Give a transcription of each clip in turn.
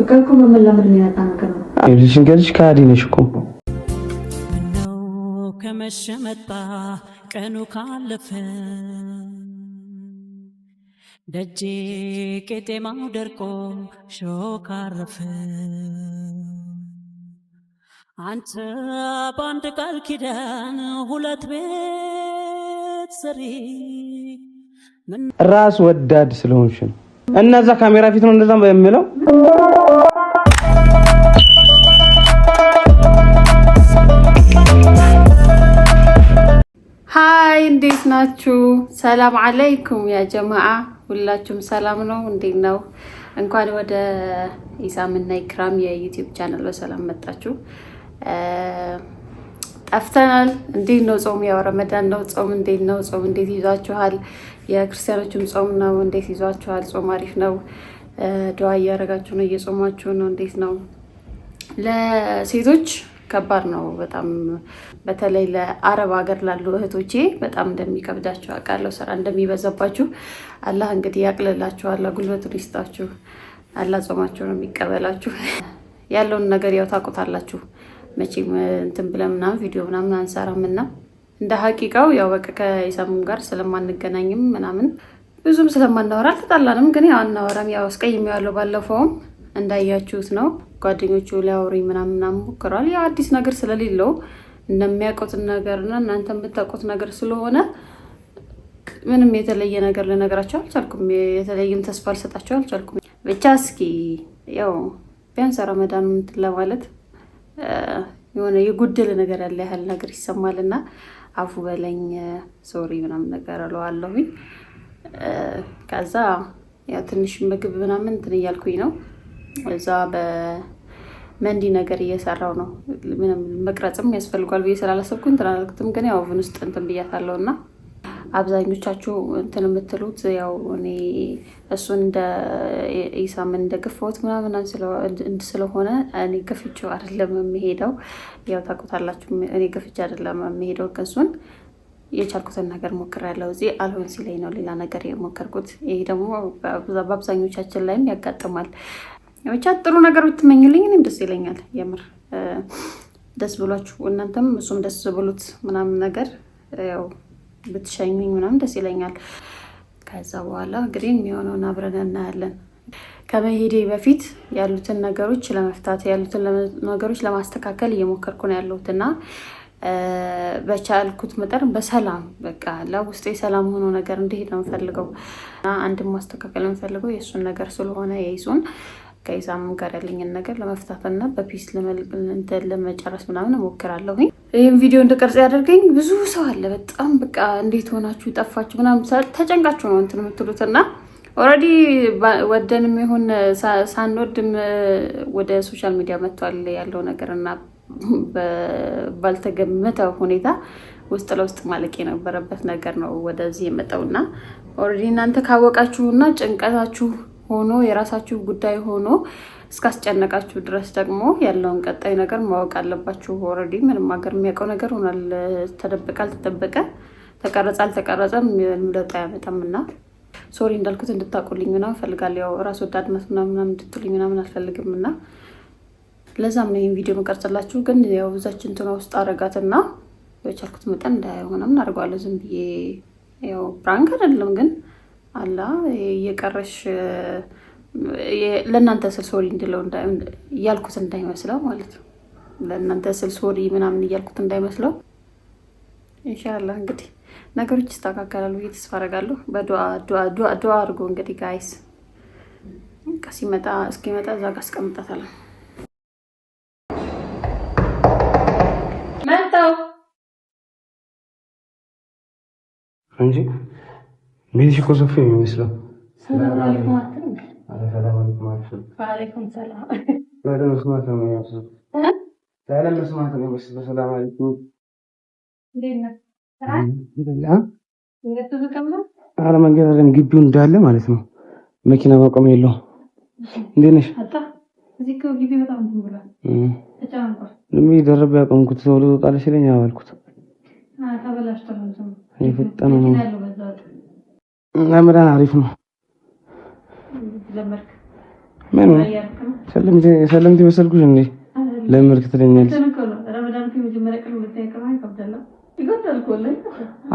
ፍቅር እኮ የሚመጣ ነገር ነው። ከሃዲ ነሽ እኮ ምነው ከመሸ መጣ ቀኑ ካለፈ ደጄ ቄጤማው ደርቆ ሾክ አረፈ አንተ በአንድ ቃል ኪዳን ሁለት ቤት ስሪ ራስ ወዳድ ስለሆንሽ ነው። እነዛ ካሜራ ፊት ነው እንደዛ የምለው። ሀይ እንዴት ናችሁ? ሰላም አለይኩም ያ ጀማአ፣ ሁላችሁም ሰላም ነው? እንዴት ነው? እንኳን ወደ ኢሳም እና ኢክራም የዩቲዩብ ቻናል በሰላም መጣችሁ። ጠፍተናል። እንዴት ነው ጾም? ያው ረመዳን ነው ጾም። እንዴት ነው ጾም? እንዴት ይዟችኋል? የክርስቲያኖችም ጾም ነው። እንዴት ይዟችኋል? ጾም አሪፍ ነው። ድዋ እያደረጋችሁ ነው? እየጾማችሁ ነው? እንዴት ነው? ለሴቶች ከባድ ነው በጣም በተለይ ለአረብ ሀገር ላሉ እህቶቼ በጣም እንደሚከብዳችሁ አውቃለሁ። ስራ እንደሚበዛባችሁ አላህ እንግዲህ ያቅልላችሁ። አላህ ጉልበቱን ይስጣችሁ። አላህ ጾማችሁ ነው የሚቀበላችሁ። ያለውን ነገር ያው ታውቁታላችሁ። መቼም እንትን ብለን ምናምን ቪዲዮ ምናምን አንሰራም እና እንደ ሀቂቃው ያው በቃ ከኢሳሙም ጋር ስለማንገናኝም ምናምን ብዙም ስለማናወራ አልተጣላንም፣ ግን ያው አናወራም። ያው አስቀይሜዋለሁ። ባለፈውም እንዳያችሁት ነው። ጓደኞቹ ሊያወሩኝ ምናምን ምናምን ሞክረዋል። ያው አዲስ ነገር ስለሌለው እንደሚያውቁትን ነገርና እናንተ የምታውቁት ነገር ስለሆነ ምንም የተለየ ነገር ልነግራቸው አልቻልኩም። የተለየም ተስፋ ልሰጣቸው አልቻልኩም። ብቻ እስኪ ያው ቢያንስ ረመዳን ምትለማለት የሆነ የጎደለ ነገር ያለ ያህል ነገር ይሰማልና አፉ በለኝ ሶሪ ምናምን ነገር እለዋለሁኝ። ከዛ ያው ትንሽ ምግብ ምናምን እንትን እያልኩኝ ነው እዛ በመንዲ ነገር እየሰራው ነው። ምንም መቅረጽም ያስፈልጓል ብዬ ስላላሰብኩኝ ትናንትም ግን ያው ኦቭን ውስጥ እንትን ብያታለሁ እና አብዛኞቻችሁ እንትን የምትሉት ያው እኔ እሱን እንደ ኢሳምን እንደ ግፈውት ምናምን ስለሆነ እኔ ገፍቼው አይደለም የሚሄደው። ያው ታውቁታላችሁ፣ እኔ ገፍቼ አይደለም የሚሄደው እሱን የቻልኩትን ነገር ሞክሬያለሁ። እዚህ አልሆን ሲለኝ ነው ሌላ ነገር የሞከርኩት። ይሄ ደግሞ በአብዛኞቻችን ላይም ያጋጥማል። ብቻ ጥሩ ነገር ብትመኙልኝ እኔም ደስ ይለኛል። የምር ደስ ብሏችሁ እናንተም እሱም ደስ ብሉት ምናምን ነገር ያው ብትሸኙኝ ምናምን ደስ ይለኛል። ከዛ በኋላ እንግዲህ የሚሆነውን አብረን እናያለን። ከመሄዴ በፊት ያሉትን ነገሮች ለመፍታት ያሉትን ነገሮች ለማስተካከል እየሞከርኩ ነው ያለሁት እና በቻልኩት መጠን በሰላም በቃ ለውስጤ ሰላም ሆኖ ነገር እንዲሄድ ነው የምፈልገው እና አንድም ማስተካከል የምፈልገው የእሱን ነገር ስለሆነ የይዙን ከይሳምም ጋር ያለኝን ነገር ለመፍታትና በፒስ ለመጨረስ ምናምን ሞክራለሁኝ። ይህም ቪዲዮ እንድቀርጽ ያደርገኝ ብዙ ሰው አለ። በጣም በቃ እንዴት ሆናችሁ ጠፋችሁ ምናምን ተጨንቃችሁ ነው እንትን የምትሉት እና ኦልሬዲ ወደንም ይሁን ሳንወድም ወደ ሶሻል ሚዲያ መጥቷል ያለው ነገር እና ባልተገመተ ሁኔታ ውስጥ ለውስጥ ማለቅ የነበረበት ነገር ነው ወደዚህ የመጣው እና ኦልሬዲ እናንተ እና ጭንቀታችሁ ሆኖ የራሳችሁ ጉዳይ ሆኖ እስካስጨነቃችሁ ድረስ ደግሞ ያለውን ቀጣይ ነገር ማወቅ አለባችሁ። ኦልሬዲ ምንም ሀገር የሚያውቀው ነገር ሆኗል። ተደበቀ አልተጠበቀ፣ ተቀረጸ አልተቀረጸ ለውጥ አያመጣም እና ሶሪ እንዳልኩት እንድታውቁልኝ ምናምን እፈልጋለሁ። ያው ራስ ወዳድነት ምናምን እንድትሉኝ ምናምን አልፈልግም እና ለዛም ነው ይህን ቪዲዮ መቀርጽላችሁ። ግን ያው ብዛችን ትኖ ውስጥ አረጋትና የቻልኩት መጠን እንዳያየው ምናምን አድርገዋለሁ። ዝም ብዬ ያው ፕራንክ አይደለም ግን አላ እየቀረሽ ለእናንተ ስል ሶሪ እንድለው እያልኩት እንዳይመስለው ማለት ነው። ለእናንተ ስል ሶሪ ምናምን እያልኩት እንዳይመስለው። እንሻላ እንግዲህ ነገሮች ይስተካከላሉ ብዬ ተስፋ አደርጋለሁ። በዱዓ አድርጎ እንግዲህ ጋይስ ሲመጣ እስኪመጣ እዛ ጋ አስቀምጣታለሁ። መጣው እንጂ ቤትሽ እኮ ሰላም አለኩም የሚመስለው። አለይኩም መንገድ አይደለም ግቢው እንዳለ ማለት ነው። መኪና ማቆም የለውም። እንዴት ነሽ? ደረብ ያቆምኩት ሰው ልወጣልሽ ይለኝ አባልኩት በጣም ነው። ረመዳን አሪፍ ነው። ምን ሰለምቴ መሰልኩሽ እንዴ? ለመድክ ትለኛለሽ።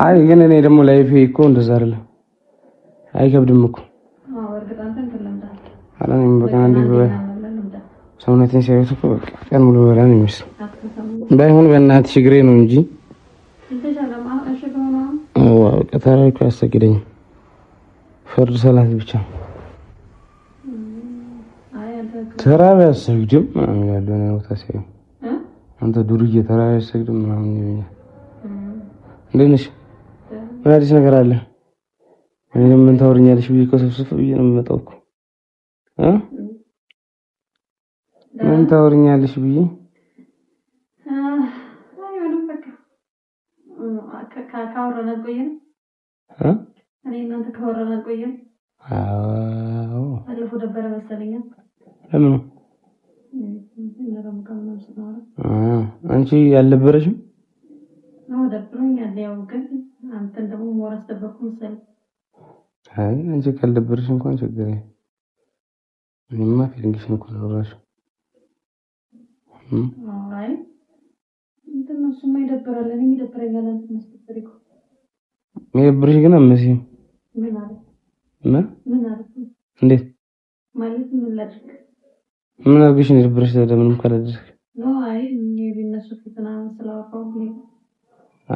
አይ ግን እኔ ደግሞ ላይፌ እኮ እንደዛ አይደለም። አይከብድም እኮ ሰውነቴን ሲያዩት እኮ ቀን ሙሉ በላ ነው የሚመስለው። ባይሆን ነው እንጂ ተራሪኩ አያሰግደኝም። ፈርድ ሰላት ብቻ ነው ተራቢ አሰግድም ያለሆነ ቦታ ሲሆ አንተ ዱርዬ ተራ ቢያሰግድም ምናምን ይለኛል። እንዴት ነሽ? ምን አዲስ ነገር አለ? እኔም ምን ታወሪኛለሽ ብዬ እኮ ብዬ ነው የምመጣው እኮ እ ምን ታወሪኛለሽ ብዬ አዎ ለምን አንቺ አልነበረሽም? አይ አንቺ ካልደበረሽ እንኳን ችግር እኔማ ፊልምሽን እኮ ነው ራሱ ግን አትመስይም። እንዴት ማለት ምን ላድርግ ምን አድርገሽ ነው የደበረሽ? ምንም ካላደረግሽ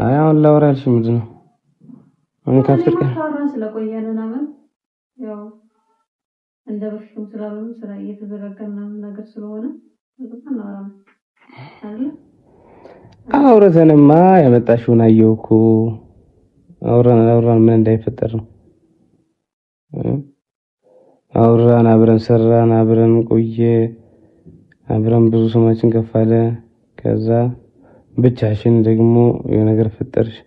አይ አሁን ላወራ ያልሽ ምንድን ነው? እኔ ካፍጥር ቀን እንደ ነገር ስለሆነ አውረተንማ ያመጣሽውን አየሁ እኮ አውራን ምን እንዳይፈጠር ነው አውራን፣ አብረን ሰራን፣ አብረን ቆየ፣ አብረን ብዙ ስማችን ከፋለ ከዛ ብቻሽን ደግሞ የነገር ፈጠርሽ።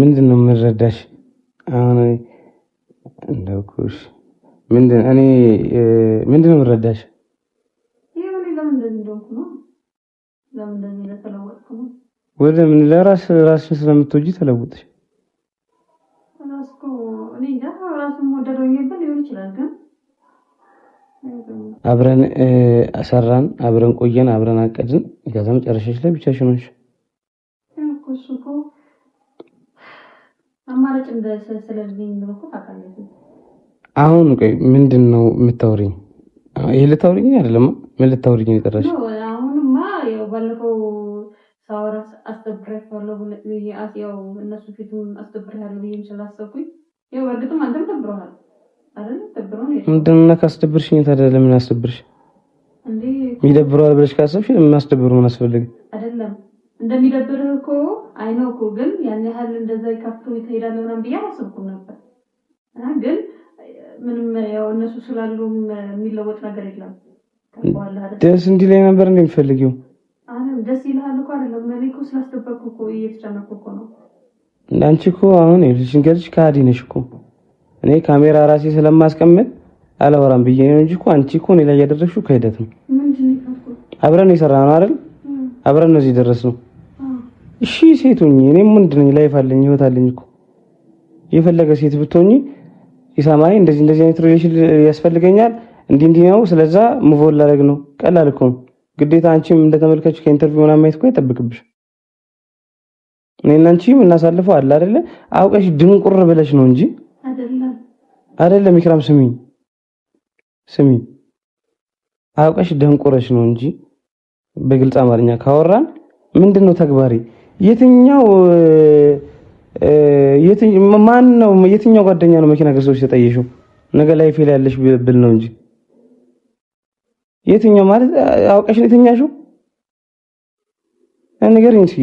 ምንድን ነው የምንረዳሽ? አሁን እንደኩሽ ምንድን እኔ ምንድን ነው የምንረዳሽ? ወደ ምን ለራስ ራስሽን ስለምትወጂ ተለውጥሽ አብረን ሰራን፣ አብረን ቆየን፣ አብረን አቀድን። ከዛ መጨረሻች ላይ ብቻሽን ሆንሽ። አሁን ቆይ ምንድን ነው የምታወሪኝ? ይህ ልታወሪኝ አይደለም። ምን ልታወሪኝ የጠራሽ? ሰዓት ያው እነሱ ፊቱን አስደብርሃለሁ ብዬም ስላሰብኩኝ ያው በእርግጥም አንተም ደብረሃል አይደል? ደብረው ነው ምንድነው ካስደብርሽ ነው ታዲያ ለምን አስደብርሽ እንዴ? ይደብረዋል ብለሽ ካሰብሽ ለምን አስደብሩ ምን አስፈልግ አይደለም እንደሚደብርህ እኮ አይነው እኮ ግን ያን ያህል እንደዛ ከፍቶ ትሄዳለህ ምናምን ብዬ አላሰብኩም ነበር። ግን ምንም ያው እነሱ ስላሉ የሚለወጥ ነገር የለም። ደስ እንዲህ ላይ ነበር እንደሚፈልጊው ደስ ይልሃል እኮ አይደለም። እኔ እኮ ስላስደበቅኩ እኮ እየተጨነኩ እኮ ነው። እንዳንቺ እኮ አሁን ገልጽ ከሃዲ ነሽ እኮ። እኔ ካሜራ ራሴ ስለማስቀምጥ አላወራም ብዬ ነው እንጂ እኮ አንቺ እኮ እኔ ላይ ያደረግሽው ክህደት ነው። አብረን የሰራ ነው አይደል? አብረን ነው እዚህ ደረስ ነው። እሺ ሴት ሆኜ እኔ ምንድን ነኝ? ላይፍ አለኝ፣ ህይወት አለኝ እኮ የፈለገ ሴት ብትሆኚ ኢሳማይ እንደዚህ እንደዚህ አይነት ሪሌሽን ያስፈልገኛል፣ እንዲህ እንዲህ ነው፣ ስለዛ ሙቮል ላደርግ ነው። ቀላል እኮ ነው። ግዴታ አንቺም እንደተመልከች ከኢንተርቪው ምናምን ማየት እኮ አይጠብቅብሽም። እኔና አንቺ የምናሳልፈው አለ አይደለ? አውቀሽ ድንቁር ብለሽ ነው እንጂ አይደለም። ኢክራም ስሚ ስሚ፣ አውቀሽ ደንቁረሽ ነው እንጂ በግልጽ አማርኛ ካወራን ምንድን ነው ተግባሪ? የትኛው የትኛው ማን ነው የትኛው ጓደኛ ነው መኪና ገዝቶ ተጠየሽው? ነገ ላይ ፌል ያለሽ ብል ነው እንጂ የትኛው ማለት አውቀሽ ነው የተኛሽው? ንገሪኝ እስኪ።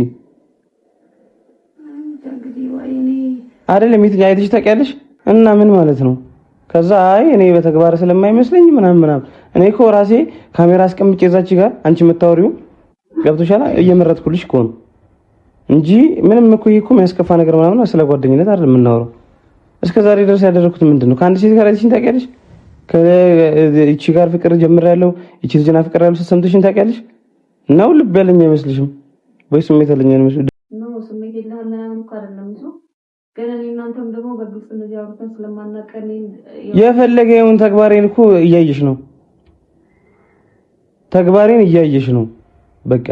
አይደለም የትኛ አይተሽ ታውቂያለሽ? እና ምን ማለት ነው? ከዛ አይ እኔ በተግባር ስለማይመስለኝ ምናምን ምናምን። እኔ እኮ ራሴ ካሜራ አስቀምጬ እዛች ጋር አንቺ የምታወሪው ገብቶሻል። እየመረጥኩልሽ እኮ እንጂ ምንም እኮ ይሄ እኮ የሚያስከፋ ነገር ምናምን ስለ ጓደኝነት አይደለም የምናወራው። እስከ ዛሬ ድረስ ያደረኩት ምንድን ነው? ከአንድ ሴት ጋር አይተሽኝ ታውቂያለሽ? ከእቺ ጋር ፍቅር ጀምሬያለሁ እቺ ልጅና ፍቅር ያለው ሰምተሽን ታውቂያለሽ? ነው ልብ ያለኝ አይመስልሽም ወይ? ስሜት ያለኝ አይመስልሽም? ነው ስሜት የለህም ምናምን እኮ አይደለም እሱ ገና እኔ እናንተም ደግሞ በግልጽ እንደዚህ አውርተን ስለማናቀን የፈለገውን ተግባሬን እኮ እያየሽ ነው። ተግባሬን እያየሽ ነው። በቃ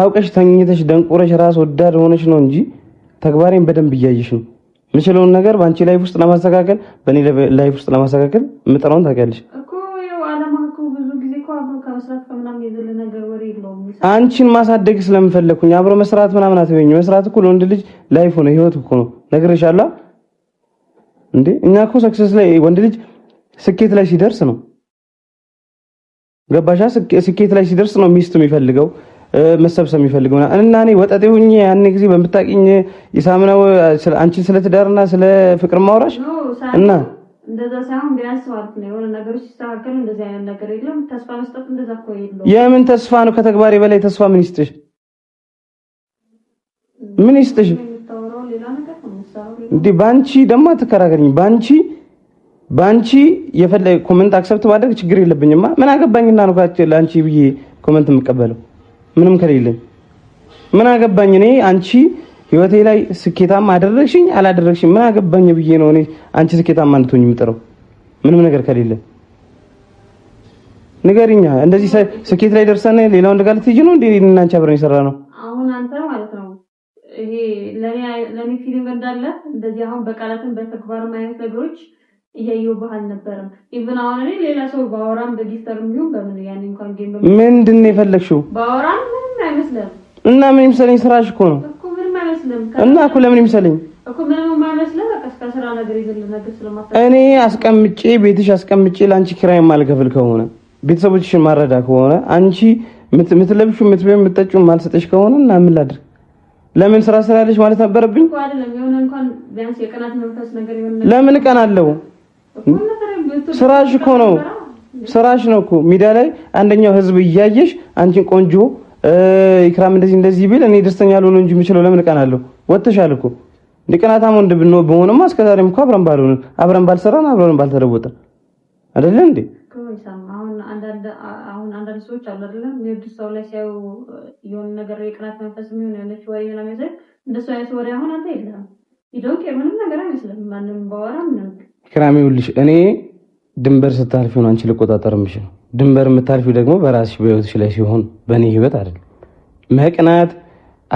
አውቀሽ ተኝተሽ ደንቆረሽ ራስ ወዳድ ሆነሽ ነው እንጂ ተግባሬን በደንብ እያየሽ ነው። የምችለውን ነገር በአንቺ ላይፍ ውስጥ ለማስተካከል በእኔ ላይፍ ውስጥ ለማስተካከል የምጠራውን ታውቂያለሽ። አንቺን ማሳደግ ስለምፈለግኩኝ አብሮ መስራት ምናምን አትበይኝ። መስራት እኮ ለወንድ ልጅ ላይፍ ነው፣ ህይወት እኮ ነው። ነግሬሻለሁ እንዴ እኛ እኮ ሰክሰስ ላይ ወንድ ልጅ ስኬት ላይ ሲደርስ ነው። ገባሻ? ስኬት ላይ ሲደርስ ነው ሚስቱ የሚፈልገው መሰብሰብ የሚፈልግ ሆና እና እኔ ወጣቴ ሁኜ ያን ጊዜ በምታውቂኝ ኢሳም ነው አንቺን ስለ ትዳርና ስለ ፍቅር ማውራሽ እና እንደዛ ሳይሆን ቢያንስ ነው የሆነ ነገሮች ሲስተካከሉ እንደዚህ አይነት ነገር የለም። ተስፋ መስጠት እንደዛ እኮ የለም። የምን ተስፋ ነው? ከተግባር በላይ ተስፋ ምን ይስጥሽ? ምን ይስጥሽ? እንዲህ ባንቺ ደግሞ አትከራከሪኝ። ባንቺ ባንቺ የፈለ ኮመንት አክሰፕት ማድረግ ችግር የለብኝማ። ምን አገባኝና ነው ካቺ ላንቺ ብዬ ኮመንት የምቀበለው? ምንም ከሌለኝ ምን አገባኝ እኔ አንቺ ህይወቴ ላይ ስኬታማ አደረግሽኝ አላደረግሽኝ ምን አገባኝ ብዬ ነው እኔ አንቺ ስኬታማ እንድትሆኝ የምጥረው ምንም ነገር ከሌለ ንገሪኛ እንደዚህ ስኬት ላይ ደርሰን ሌላው ወንድ ጋር ልትሄጂ ነው እንዴ? እኔና አንቺ አብረን የሰራ ነው። አሁን አንተ ማለት ነው ይሄ ለኔ ለኔ ፊልም እንዳለ እንደዚህ አሁን በቃላትም በተግባር ማየት ነገሮች እያየው ባህል ነበረም። ኢቭን አሁን እኔ ሌላ ሰው ባወራም በጊፍተር ቢሆን በምን ያን እንኳን ጌም በምን ምንድን ነው የፈለግሽው? ባወራም ምንም አይመስልም። እና ምን ይመስለኝ ስራሽ እኮ ነው እኮ ምንም አይመስልም። እና እኮ ለምን ይመስለኝ እኮ ምንም አይመስልም። በቃ እስከ ስራ ነገር ይዘል ነገር ስለማታ እኔ አስቀምጬ ቤትሽ አስቀምጬ ለአንቺ ኪራይ ማልከፍል ከሆነ ቤተሰቦችሽን ማረዳ ከሆነ አንቺ ምትለብሹ ምትበዩ ምትጠጩ ማልሰጠሽ ከሆነ እና ምን ላድርግ? ለምን ስራ ስራ ያለሽ ማለት ነበረብኝ? ለምን እቀናለሁ? ስራሽ እኮ ነው ስራሽ ነው እኮ ሚዲያ ላይ አንደኛው ህዝብ እያየሽ አንቺን ቆንጆ ኢክራም እንደዚህ እንደዚህ ቢል እኔ ደስተኛ ልሆን እንጂ የምችለው ለምን እቀናለሁ? ወጥተሻል እኮ እንደ ቅናታም ወንድ ብንሆን በሆነማ እስከዛሬም እኮ አብረን ባልሆን አብረን ባልሰራን አብረን ባልተለወጥን አይደለ እንዴ? አሁን አንዳንድ ሰዎች አሉ አይደለም የድስት ሰው ላይ ሲያዩ የሆነ ነገር የቅናት መንፈስ የሚሆን ያለች ወይ የሆነ እንደሱ አይነት ወሬ አሁን አንተ የለም ይዶንክ የምንም ነገር አይመስልም። ማንም ባወራ ምንም ኢክራም ውልሽ እኔ ድንበር ስታልፊ ሆን አንቺ ልቆጣጠር ነው። ድንበር የምታልፊው ደግሞ በራስሽ በህይወትሽ ላይ ሲሆን በእኔ ህይወት አይደለም። መቅናት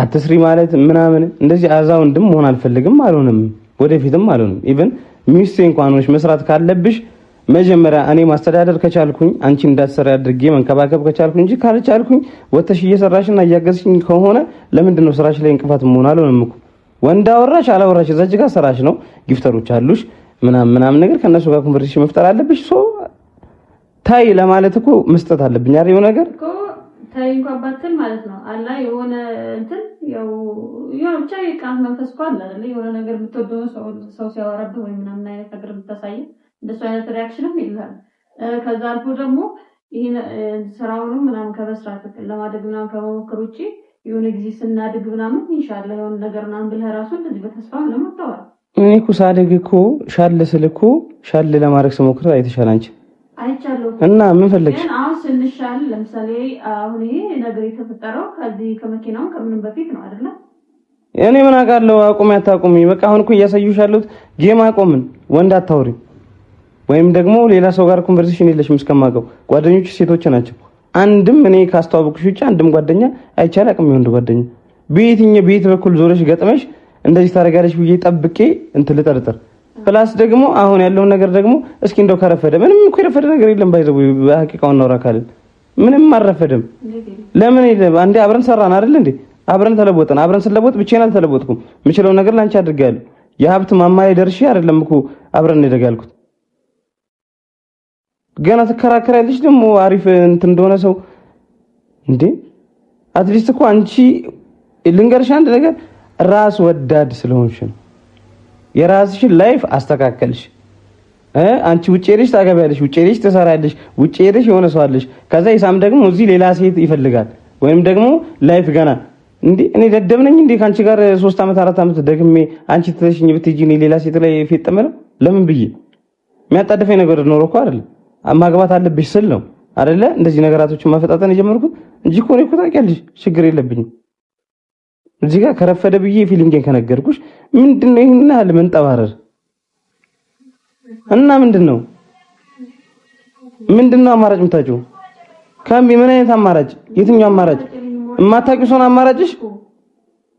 አትስሪ ማለት ምናምን እንደዚህ አዛውንድም መሆን አልፈልግም፣ አልሆንም፣ ወደፊትም አልሆንም። ኢቨን ሚስቴ እንኳን ሆነሽ መስራት ካለብሽ መጀመሪያ እኔ ማስተዳደር ከቻልኩኝ አንቺ እንዳትሰሪ አድርጌ መንከባከብ ከቻልኩ እንጂ ካልቻልኩኝ ወተሽ እየሰራሽና እያገዝሽኝ ከሆነ ለምንድን ነው ስራሽ ላይ እንቅፋት መሆን? አልሆንም እኮ ወንድ አወራሽ አላወራሽ እዛች ስራሽ ነው። ጊፍተሮች አሉሽ ምናምን ምናምን ነገር ከእነሱ ጋር ኮንቨርሴሽን መፍጠር አለብሽ። ሶ ታይ ለማለት እኮ መስጠት አለብኝ አይደል? የሆነ ነገር እኮ ታይ እንኳን ባትል ማለት ነው አላ የሆነ እንትን ያው ያው ብቻ የቃል መንፈስ እኮ አለ አይደል? የሆነ ነገር የምትወደው ሰው ሰው ሲያወራብህ ወይ ምናምን አይነት ነገር የምታሳይ እንደሱ አይነት ሪያክሽንም ይላል። ከዛ አልፎ ደግሞ ይሄን ስራውንም ምናምን ከመስራት ለማደግ ምናምን ከመሞከር ውጪ የሆነ ጊዜ ስናድግ ምናምን ኢንሻአላህ የሆነ ነገር ምናምን ብለህ ራሱ እንደዚህ በተስፋ ምናምን አታወራም እኔ እኮ ሳድግ እኮ ሻል ስል እኮ ሻል ለማድረግ ስሞክር አይተሻል አንቺ እና ምን ፈለግሽ? አሁን ስንሻል ለምሳሌ አሁን ይሄ ነገር የተፈጠረው ከዚህ ከመኪናው ከምንም በፊት ነው አይደለ? እኔ ምን አውቃለሁ። አቁሚ አታቁሚ በቃ አሁን እኮ እያሳዩሽ ያሉት ጌም አቆምን። ወንድ አታውሪ ወይም ደግሞ ሌላ ሰው ጋር ኮንቨርሴሽን የለሽም እስከማውቀው። ጓደኞች ሴቶች ናቸው። አንድም እኔ ካስተዋወቅሽ ውጭ አንድም ጓደኛ አይቻል አቅም የወንድ ጓደኛ በየትኛው ቤት በኩል ዞረሽ ገጥመሽ እንደዚህ ታደርጋለች ብዬ ጠብቄ እንትን ልጠርጥር። ፕላስ ደግሞ አሁን ያለውን ነገር ደግሞ እስኪ እንደው ከረፈደ ምንም እኮ የረፈደ ነገር የለም። ባይዘው በሐቂቃውን ነው ራካልን ምንም አረፈደም ለምን የለም አንዴ አብረን ሰራን አይደል እንዴ? አብረን ተለወጥን። አብረን ስለወጥ ብቻዬን አልተለወጥኩም። የምችለውን ነገር ላንቺ አድርጋለሁ። የሀብት ማማ ላይ ደርሼ አይደለም እኮ አብረን ያደጋልኩት። ገና ትከራከሪያለሽ ደግሞ አሪፍ እንትን እንደሆነ ሰው እንዴ። አትሊስት እኮ አንቺ ልንገርሽ አንድ ነገር ራስ ወዳድ ስለሆንሽ ነው። የራስሽን ላይፍ አስተካከልሽ። አንቺ ውጭ ሄደሽ ታገቢያለሽ፣ ውጭ ሄደሽ ትሰራለሽ፣ ውጭ ሄደሽ የሆነ ሰው አለሽ። ከዛ ኢሳም ደግሞ እዚህ ሌላ ሴት ይፈልጋል፣ ወይም ደግሞ ላይፍ ገና እንዴ እኔ ደደብ ነኝ እንዴ ከአንቺ ጋር ሶስት ዓመት አራት ዓመት ደግሜ አንቺ ትተሽኝ ብትሄጂ እኔ ሌላ ሴት ላይ ፌጥም ነው ለምን ብዬ የሚያጣደፈኝ ነገር ኖሮ እኮ አይደል ማግባት አለብሽ ስል ነው አይደለ እንደዚህ ነገራቶችን ማፈጣጠን የጀመርኩት እንጂ እኮ እኔ እኮ ታውቂያለሽ ችግር የለብኝም። እዚህ ጋር ከረፈደ ብዬ ፊሊንጌን ከነገርኩሽ ምንድን ነው ይሄን ያህል መንጠባረር እና ምንድን ነው ምንድን ነው አማራጭ የምታጭው? ካምቢ ምን አይነት አማራጭ? የትኛው አማራጭ? የማታውቂው ሰውን አማራጭሽ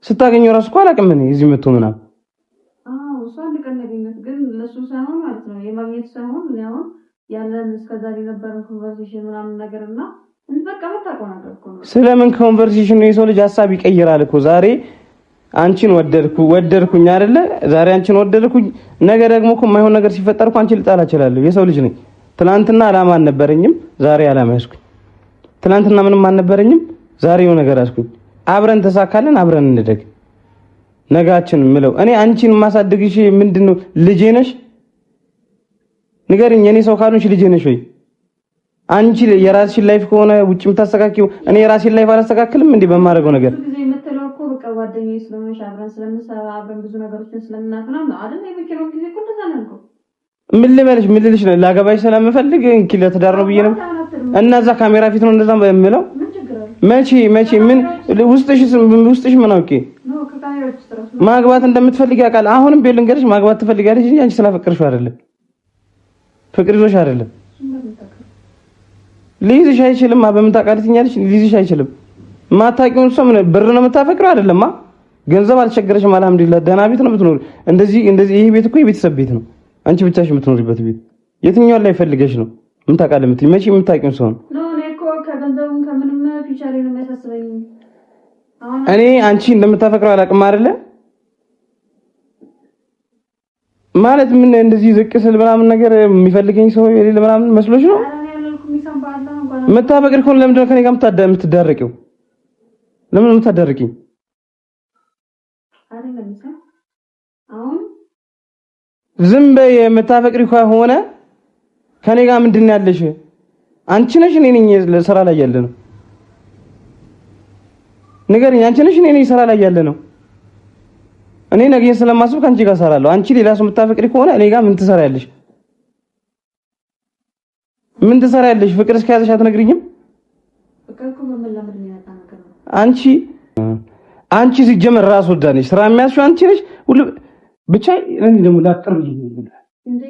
ስታገኘው ራሱ እኮ አላውቅም እኔ እዚህ መጥቶ ምናምን አዎ ስለምን ኮንቨርሴሽን ነው? የሰው ልጅ ሀሳብ ይቀይራል እኮ ዛሬ አንቺን ወደድኩ ወደድኩኝ አይደለ? ዛሬ አንቺን ወደድኩኝ፣ ነገ ደግሞ እኮ የማይሆን ነገር ሲፈጠር እኮ አንቺን ልጣላ እችላለሁ። የሰው ልጅ ነኝ። ትናንትና አላማ አልነበረኝም፣ ዛሬ አላማ ያዝኩኝ። ትናንትና ምንም አልነበረኝም፣ ዛሬ የሆነ ነገር ያዝኩኝ። አብረን ተሳካለን፣ አብረን እንደግ። ነጋችን ምለው እኔ አንቺን ማሳደግሽ ምንድነው? ልጄ ነሽ? ንገርኝ። የኔ ሰው ካልሆንሽ ልጄ ነሽ ወይ? አንቺ የራስሽን ላይፍ ከሆነ ውጭ የምታስተካክዪው እኔ የራሴን ላይፍ አላስተካክልም እንዴ? በማደርገው ነገር ምን ልበልሽ? ምን ልልሽ ነው? ላገባሽ ስለምፈልግ እንኪ ለትዳር ነው ብዬ ነው እና እዛ ካሜራ ፊት ነው እንደዛ የምለው። መቼ መቼ ምን ውስጥሽ ምን አውቄ ማግባት እንደምትፈልግ ያውቃል። አሁንም ቤል ልንገርሽ፣ ማግባት ትፈልጊያለሽ እንጂ አንቺ ስላፈቅርሽው አይደለም፣ ፍቅር ይዞሽ አይደለም ሊይዝሽ አይችልም። በምን ታውቃለች? ሊይዝሽ አይችልም። ማታውቂውን ሰው ምን ብር ነው የምታፈቅረው? አይደለማ። ገንዘብ አልቸገረሽም። አልሐምዱሊላህ ደህና ቤት ነው የምትኖሪ። እንደዚህ እንደዚህ ይሄ ቤት እኮ የቤተሰብ ቤት ነው። አንቺ ብቻሽ የምትኖሪበት ቤት የትኛው ላይ ፈልገሽ ነው የምታውቃለህ? የምትይኝ መቼ የምታውቂውን ሰው ነው? እኔ አንቺ እንደምታፈቅረው አላውቅም አይደለ ማለት ምን እንደዚህ ዝቅ ስል ምናምን ነገር የሚፈልገኝ ሰው የሌለ ምናምን መስሎሽ ነው የምታፈቅሪ ከሆነ ለምንድን ነው ከኔ ጋር የምትዳረቂው? ለምን ነው የምታዳርቂኝ? ዝም በይ። የምታፈቅሪ ከሆነ ከኔ ጋር ምንድን ነው ያለሽ? አንቺ ነሽ እኔ ነኝ ስራ ላይ ያለ ነው ንገሪኝ። አንቺ ነሽ እኔ ነኝ ስራ ላይ ያለ ነው። እኔ ነገ ስለማስብ ከአንቺ ጋር እሰራለሁ። አንቺ ሌላ ሰው የምታፈቅሪ ከሆነ እኔ ጋር ምን ትሰሪያለሽ? ምን ትሰሪያለሽ? ፍቅር እስከያዘሽ አትነግሪኝም? አንቺ አንቺ ሲጀመር ራስ ወዳነሽ ስራ የሚያስሽ አንቺ ነሽ። ሁሉ ብቻ እኔ ደግሞ ላቅርብ ምን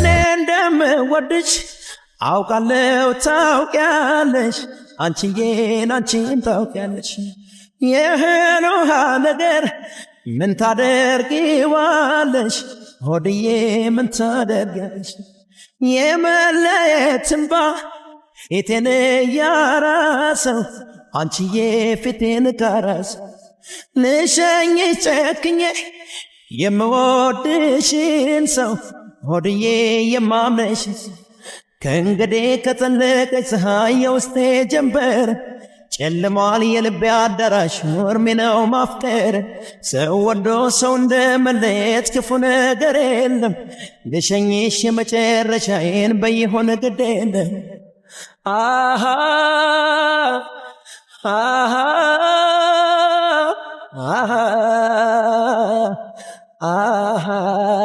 እንደምወድሽ አውቃለሁ ታውቂያለሽ አንቺዬን አንቺን ታውቂያለሽ ይህን ውሃ ነገር ምን ታደርጊዋለሽ ሆድዬ ምን ታደርጊያለሽ የመለየት እንባ ፊቴን እያራሰው አንቺዬ ፊቴን ካራሰው ልሸኝሽ ጨክኜ የምወድሽን ሰው ሆድዬ የማምነሽን ሰው ከእንግዲህ ከጸለቀች ፀሐይ የውስጤ ጀንበር ጨልሟል የልቤ አዳራሽ ኖርሜ ነው ማፍቀር ሰው ወዶ ሰው እንደ መለየት ክፉ ነገር የለም ልሸኝሽ የመጨረሻዬን በይሆን ግድ የለም አሃ አሃ አሃ አሃ